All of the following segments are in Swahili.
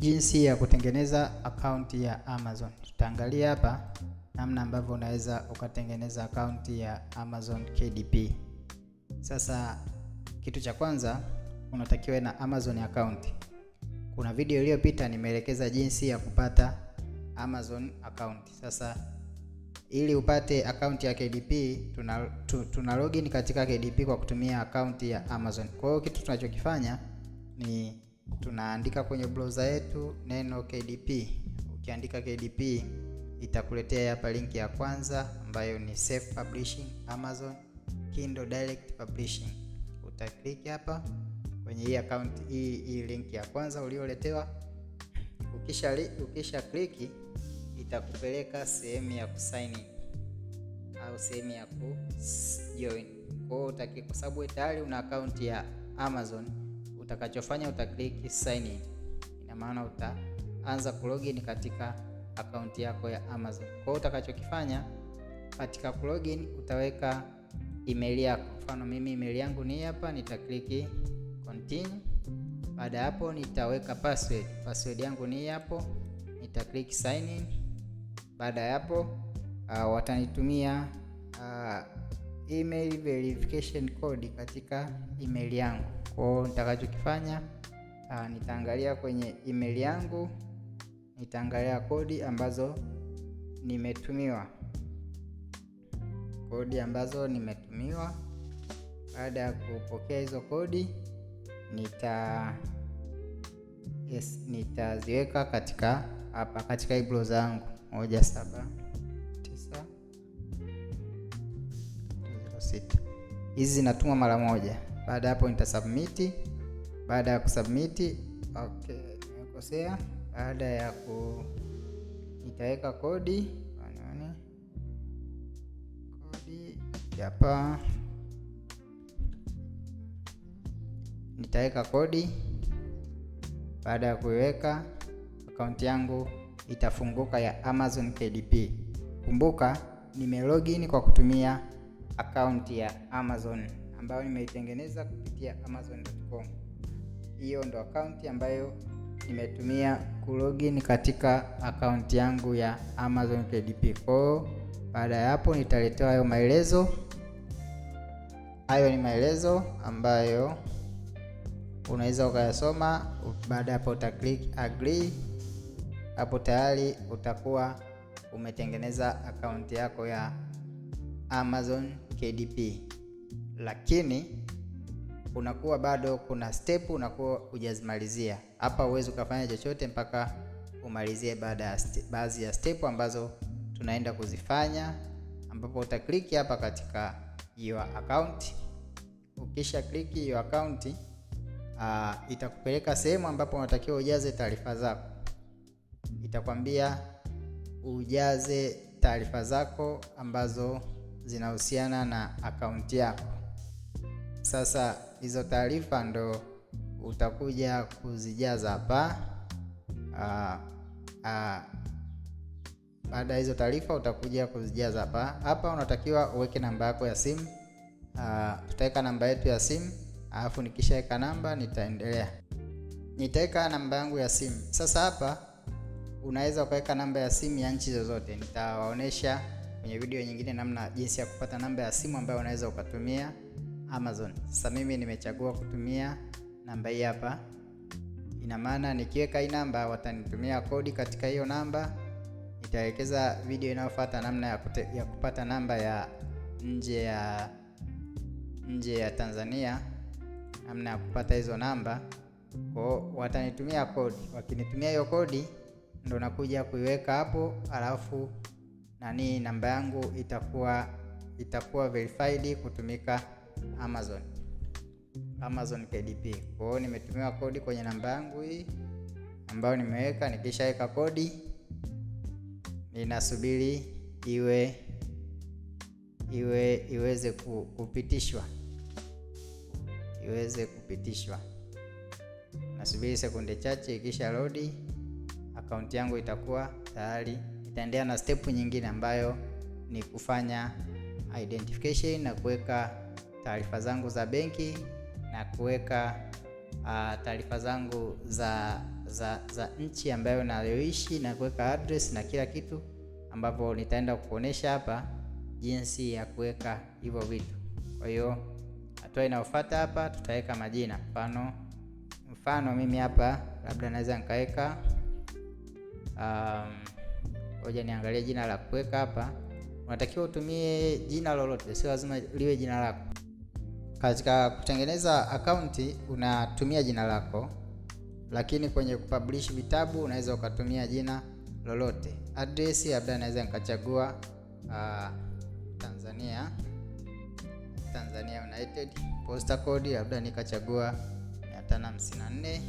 Jinsi ya kutengeneza akaunti ya Amazon. Tutaangalia hapa namna ambavyo unaweza ukatengeneza akaunti ya Amazon KDP. Sasa kitu cha kwanza unatakiwa na Amazon account. Kuna video iliyopita nimeelekeza jinsi ya kupata Amazon account. Sasa ili upate akaunti ya KDP tuna, tu, tuna login katika KDP kwa kutumia akaunti ya Amazon. Kwa hiyo kitu tunachokifanya ni tunaandika kwenye browser yetu neno KDP. Ukiandika KDP itakuletea hapa linki ya kwanza ambayo ni Self Publishing Amazon Kindle Direct Publishing. Utaklik hapa kwenye hii account hii hii linki ya kwanza ulioletewa. Ukisha, li, ukisha kliki itakupeleka sehemu ya kusign au sehemu ya kujoin. Kwa hiyo utaki, kwa sababu tayari una account ya Amazon Utakachofanya utaklik sign in, ina maana utaanza kulogin katika akaunti yako ya Amazon. Kwa hiyo utakachokifanya katika kulogin utaweka email yako. Mfano mimi email yangu ni hapa, nitakliki continue. Baada hapo nitaweka password. Password yangu ni hapo, nitaklik sign in. Baada ya hapo uh, watanitumia uh, email verification code katika email yangu. Kwa hiyo nitakachokifanya, ah, nitaangalia kwenye email yangu, nitaangalia kodi ambazo nimetumiwa, kodi ambazo nimetumiwa. Baada ya kupokea hizo kodi nita yes, nitaziweka katika hapa katika ibro zangu moja saba tisa hizi zinatumwa mara moja. Baada hapo submit. Baada ya kusubmit, okay, nimekosea. Baada ya ku nitaweka kodi anani kodi hapa, nitaweka kodi. Baada ya kuiweka, akaunti yangu itafunguka ya Amazon KDP. Kumbuka, nimelogin kwa kutumia akaunti ya Amazon ambayo nimeitengeneza kupitia amazon.com. Hiyo ndo akaunti ambayo nimetumia kulogin katika akaunti yangu ya Amazon KDP. Kwa baada ya hapo nitaletewa hayo maelezo. Hayo ni maelezo ambayo unaweza ukayasoma. Baada ya hapo uta click agree. Hapo tayari utakuwa umetengeneza akaunti yako ya Amazon KDP lakini unakuwa bado kuna step unakuwa hujazimalizia. Hapa uwezi ukafanya chochote mpaka umalizie baada ya baadhi ya step ambazo tunaenda kuzifanya, ambapo utakliki hapa katika your account. Ukisha kliki your account, uh, itakupeleka sehemu ambapo unatakiwa ujaze taarifa zako. Itakwambia ujaze taarifa zako ambazo zinahusiana na akaunti yako. Sasa hizo taarifa ndo utakuja kuzijaza hapa. Ah, ah, baada ya hizo taarifa utakuja kuzijaza hapa. Hapa unatakiwa uweke namba yako ya simu. Tutaweka ah, namba yetu ya simu, alafu nikishaweka namba nitaendelea, nitaweka namba yangu ya simu. Sasa hapa unaweza ukaweka namba ya simu ya nchi zozote. Nitawaonesha kwenye video nyingine namna jinsi ya kupata namba ya simu ambayo unaweza ukatumia Amazon. Sasa mimi nimechagua kutumia namba hii hapa, ina maana nikiweka hii namba watanitumia kodi katika hiyo namba. Nitawekeza video inayofuata namna ya, kute, ya kupata namba ya nje ya nje ya Tanzania, namna ya kupata hizo namba kwao. Watanitumia kodi, wakinitumia hiyo kodi ndo nakuja kuiweka hapo, alafu nani namba yangu itakuwa itakuwa verified kutumika Amazon Amazon KDP. Kwa hiyo nimetumiwa kodi kwenye namba yangu hii ambayo nimeweka, nikishaweka kodi ninasubiri iwe iwe iweze kupitishwa iweze kupitishwa. Nasubiri sekunde chache, ikisha lodi akaunti yangu itakuwa tayari. Itaendelea na step nyingine ambayo ni kufanya identification na kuweka taarifa zangu za benki na kuweka uh, taarifa zangu za, za, za nchi ambayo nayoishi na kuweka address na kila kitu, ambapo nitaenda kuonesha hapa jinsi ya kuweka hivyo vitu. Kwa hiyo hatua inayofuata hapa tutaweka majina. Mfano, mfano mimi hapa labda naweza nikaweka um, ngoja niangalie jina la kuweka hapa. Unatakiwa utumie jina lolote, sio lazima liwe jina lako. Katika kutengeneza akaunti unatumia jina lako, lakini kwenye kupublish vitabu unaweza ukatumia jina lolote. Address labda naweza nikachagua uh, Tanzania Tanzania United. Postal code labda nikachagua 554.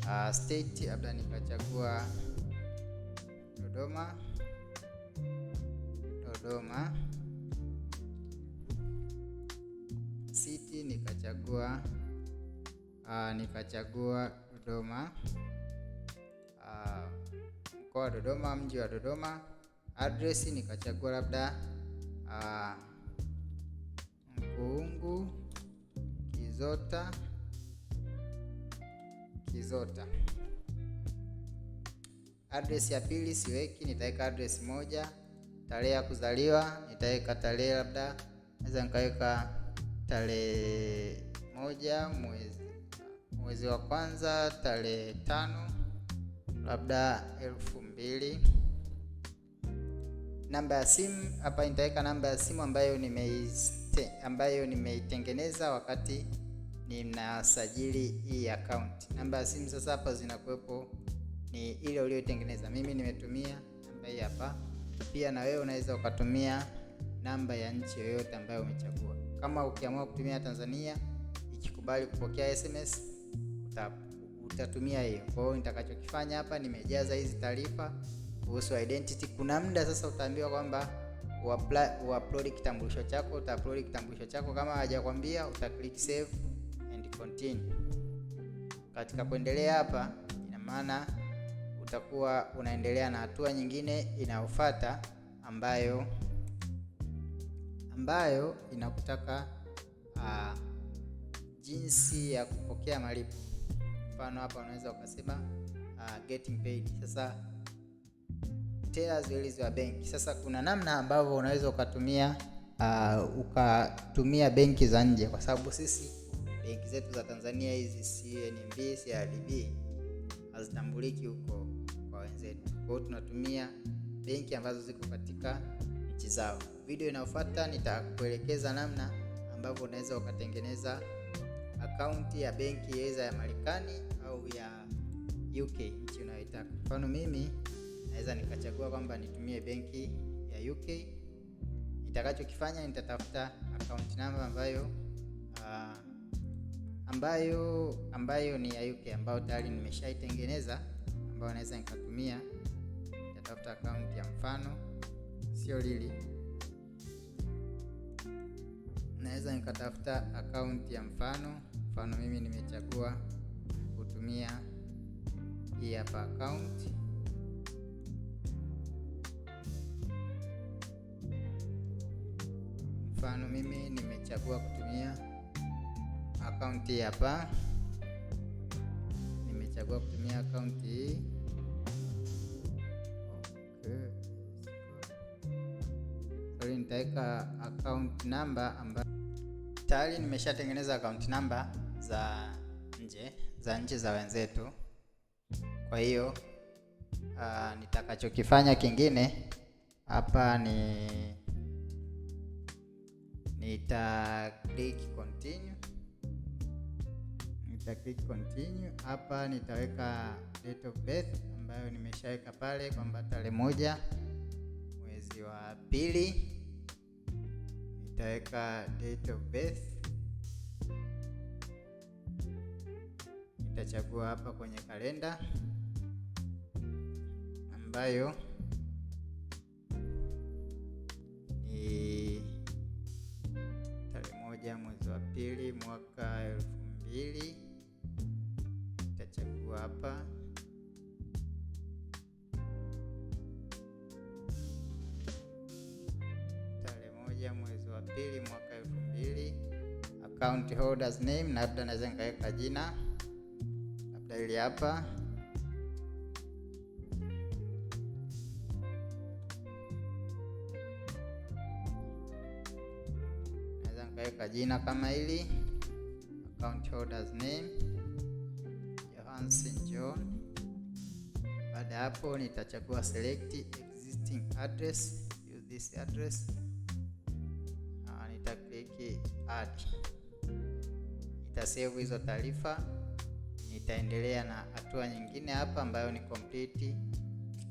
Uh, ah, state labda nikachagua Dodoma Dodoma. City nikachagua uh, nikachagua Dodoma uh, mkoa wa Dodoma, mji wa Dodoma. Address nikachagua labda uh, ah, Mkuungu Kizota Kizota. Address ya pili siweki, nitaweka address moja. Tarehe ya kuzaliwa nitaweka tarehe labda, naweza nikaweka tarehe moja mwezi, mwezi wa kwanza tarehe tano labda elfu mbili. Namba ya simu hapa nitaweka namba ya simu ambayo nimeite, ambayo nimeitengeneza wakati ninasajili hii account. Namba ya simu sasa hapa zinakuwepo ni ile uliyotengeneza. Mimi nimetumia namba hii hapa, pia na wewe unaweza ukatumia namba ya nchi yoyote ambayo umechagua. Kama ukiamua kutumia Tanzania ikikubali kupokea SMS uta, utatumia hiyo. Kwa hiyo nitakachokifanya hapa nimejaza hizi taarifa kuhusu identity. Kuna muda sasa utaambiwa kwamba uupload kitambulisho chako, utaupload kitambulisho chako. Kama hajakwambia uta click save and continue. Katika kuendelea hapa, ina maana utakuwa unaendelea na hatua nyingine inayofuata ambayo ambayo inakutaka uh, jinsi ya kupokea malipo. Mfano hapa unaweza ukasema uh, getting paid. Sasa wa benki sasa, kuna namna ambavyo unaweza ukatumia uh, ukatumia benki za nje, kwa sababu sisi benki zetu za Tanzania hizi CNB, CRDB hazitambuliki huko kwa wenzetu. Kwa hiyo tunatumia benki ambazo ziko katika nchi zao. Video inayofuata nitakuelekeza namna ambavyo unaweza ukatengeneza akaunti ya benki aidha ya Marekani au ya UK, nchi unayotaka. Mfano mimi naweza nikachagua kwamba nitumie benki ya UK. Nitakachokifanya nitatafuta account number ambayo uh, ambayo ambayo ni ya UK ambayo tayari nimeshaitengeneza ambayo naweza nikatumia. Nitatafuta account ya mfano sio lili. Naweza nikatafuta akaunti ya mfano. Mfano mimi nimechagua kutumia hii hapa akaunti mfano mimi nimechagua kutumia akaunti hii hapa, nimechagua kutumia akaunti hii okay vizuri, nitaweka account number ambayo tayari nimeshatengeneza account number za nje za nchi za wenzetu. Kwa hiyo uh, nitakachokifanya kingine hapa ni nita click continue, nita click continue. Hapa nitaweka date of birth ambayo nimeshaweka pale kwamba tarehe moja mwezi wa pili Daika database nitachagua hapa kwenye kalenda ambayo account holders name, na labda naweza nikaweka jina labda hili hapa naweza nikaweka jina kama hili account holders name Johansen John. Baada ya hapo nitachagua select existing address, use this address. Ah, Nitakliki add nitasevu hizo taarifa. Nitaendelea na hatua nyingine hapa ambayo ni complete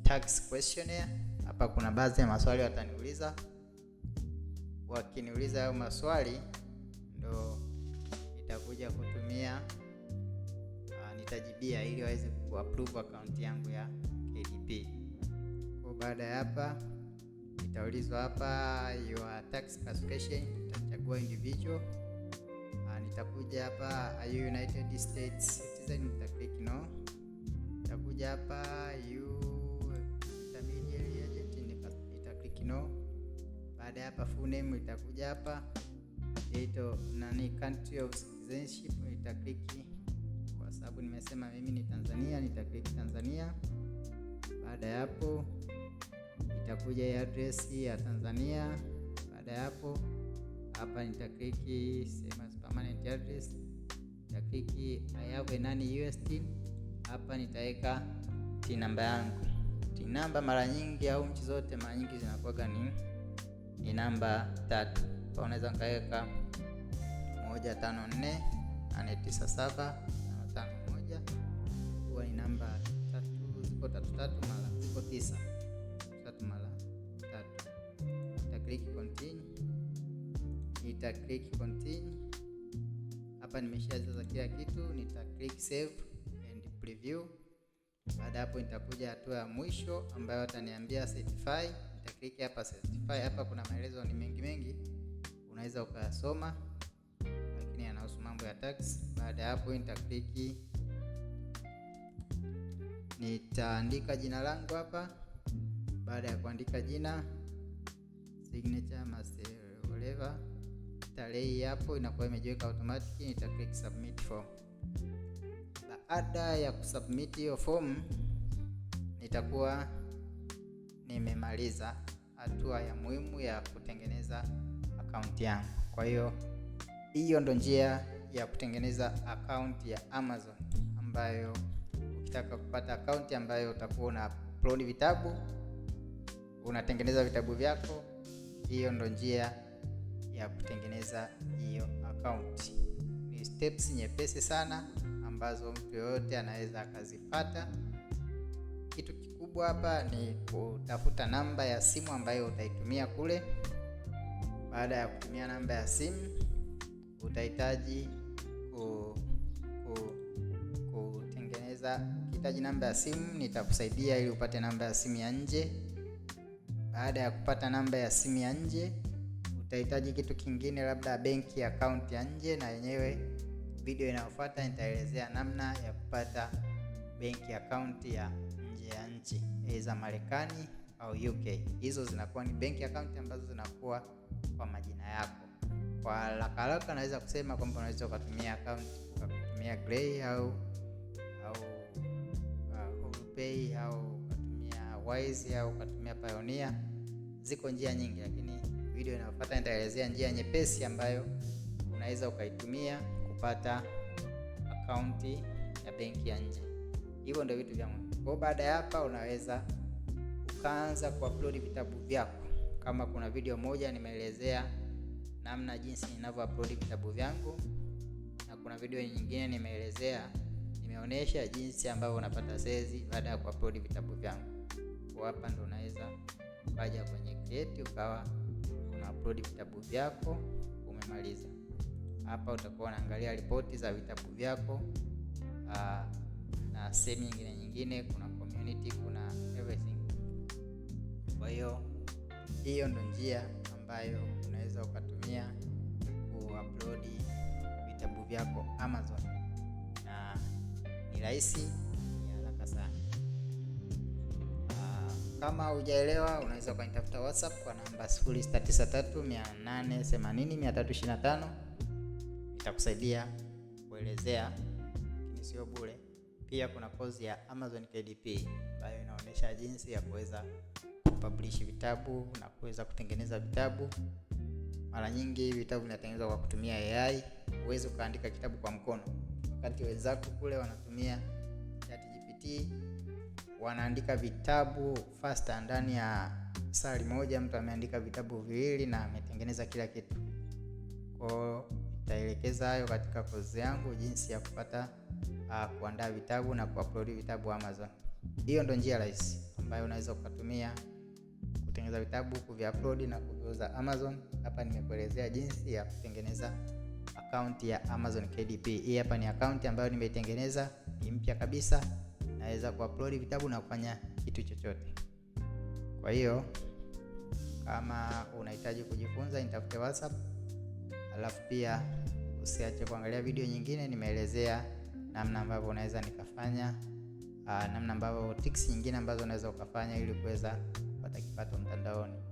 tax questionnaire. Hapa kuna baadhi ya maswali wataniuliza, wakiniuliza hayo maswali ndo nitakuja kutumia uh, nitajibia ili waweze kuapprove account yangu ya KDP. Kwa baada ya hapa nitaulizwa hapa your tax classification, nitachagua individual nitakuja hapa are United States citizen, nitaklik no. Nitakuja hapa you intermediary agent, nitaklik no. Baada ya hapa full name itakuja hapa ito nani country of citizenship nitakliki, kwa sababu nimesema mimi ni Tanzania, nitakliki Tanzania. Baada ya hapo itakuja address ya Tanzania. Baada ya hapo hapa nitakliki sema Jarvis dakiki ayave nani USD. Hapa nitaweka tinamba namba yangu. tinamba namba mara nyingi au nchi zote mara nyingi zinakuwa ni ni namba tatu. Kwa unaweza nikaweka tano tano moja, huwa ni namba tatu, ziko tatu tatu mara ziko tisa tatu mara tatu. Nita click continue, nita click continue hapa nimeshajaza kila kitu, nita click save and preview. Baada hapo nitakuja hatua ya mwisho ambayo ataniambia certify. Nita click hapa certify. Hapa kuna maelezo ni mengi mengi, unaweza ukayasoma, lakini yanahusu mambo ya tax. Baada hapo nita click, nitaandika jina langu hapa. Baada ya kuandika jina signature master whatever tarehe hapo inakuwa imejiweka automatic, nita click submit form. Baada ya kusubmit hiyo form nitakuwa nimemaliza hatua ya muhimu ya kutengeneza akaunti yangu. Kwa hiyo hiyo ndo njia ya kutengeneza akaunti ya Amazon ambayo ukitaka kupata akaunti ambayo utakuwa una upload vitabu, unatengeneza vitabu vyako, hiyo ndo njia ya kutengeneza hiyo akaunti. Ni steps nyepesi sana ambazo mtu yoyote anaweza akazifata. Kitu kikubwa hapa ni kutafuta namba ya simu ambayo utaitumia kule. Baada ya kutumia namba ya simu, utahitaji ku, ku, kutengeneza. Ukihitaji namba ya simu, nitakusaidia ili upate namba ya simu ya nje. Baada ya kupata namba ya simu ya nje Nitahitaji kitu kingine, labda benki account ya nje, na yenyewe video inayofuata nitaelezea namna ya kupata benki account ya nje ya nchi, za Marekani au UK. Hizo zinakuwa ni benki account ambazo zinakuwa kwa majina yako. Kwa haraka naweza kusema kwamba unaweza ukatumia account ukatumia grey au au uh, Pay au ukatumia Wise au ukatumia Payoneer. Ziko njia nyingi, lakini video inayofuata nitaelezea njia nyepesi ambayo unaweza ukaitumia kupata akaunti ya benki ya nje. Hivyo ndio vitu vya muhimu. Kwa baada ya hapa, unaweza ukaanza kuupload vitabu vyako. Kama kuna video moja nimeelezea namna jinsi ninavyo upload vitabu vyangu, na kuna video nyingine nimeelezea, nimeonyesha jinsi ambavyo unapata sezi baada ya kuupload vitabu vyangu. Kwa hapa ndo unaweza ukaja kwenye create ukawa kuupload vitabu vyako umemaliza. Hapa utakuwa unaangalia ripoti za vitabu vyako aa, ah, na sehemu nyingine nyingine, kuna community, kuna everything. Kwa hiyo hiyo ndo njia ambayo unaweza ukatumia kuupload vitabu vyako Amazon na ni rahisi Kama hujaelewa unaweza ukanitafuta WhatsApp kwa namba 0693880325 nitakusaidia kuelezea, lakini sio bure. Pia kuna kozi ya Amazon KDP ambayo inaonyesha jinsi ya kuweza kupublish vitabu na kuweza kutengeneza vitabu. Mara nyingi vitabu vinatengenezwa kwa kutumia AI. Huwezi ukaandika kitabu kwa mkono, wakati wenzako kule wanatumia ChatGPT wanaandika vitabu faster ndani ya sali moja, mtu ameandika vitabu viwili na ametengeneza kila kitu. Kwa nitaelekeza hayo katika kozi yangu, jinsi ya kupata uh, kuandaa vitabu na kuupload vitabu Amazon. Hiyo ndo njia rahisi ambayo unaweza ukatumia kutengeneza vitabu, kuviupload na kuviuza Amazon. Hapa nimekuelezea jinsi ya kutengeneza akaunti ya Amazon KDP. Hii hapa ni akaunti ambayo nimeitengeneza, ni mpya kabisa naweza kuupload vitabu na kufanya kitu chochote. Kwa hiyo kama unahitaji kujifunza, nitafute WhatsApp, alafu pia usiache kuangalia video nyingine. Nimeelezea namna ambavyo unaweza nikafanya ah, namna ambavyo tips nyingine ambazo unaweza ukafanya ili kuweza kupata kipato mtandaoni.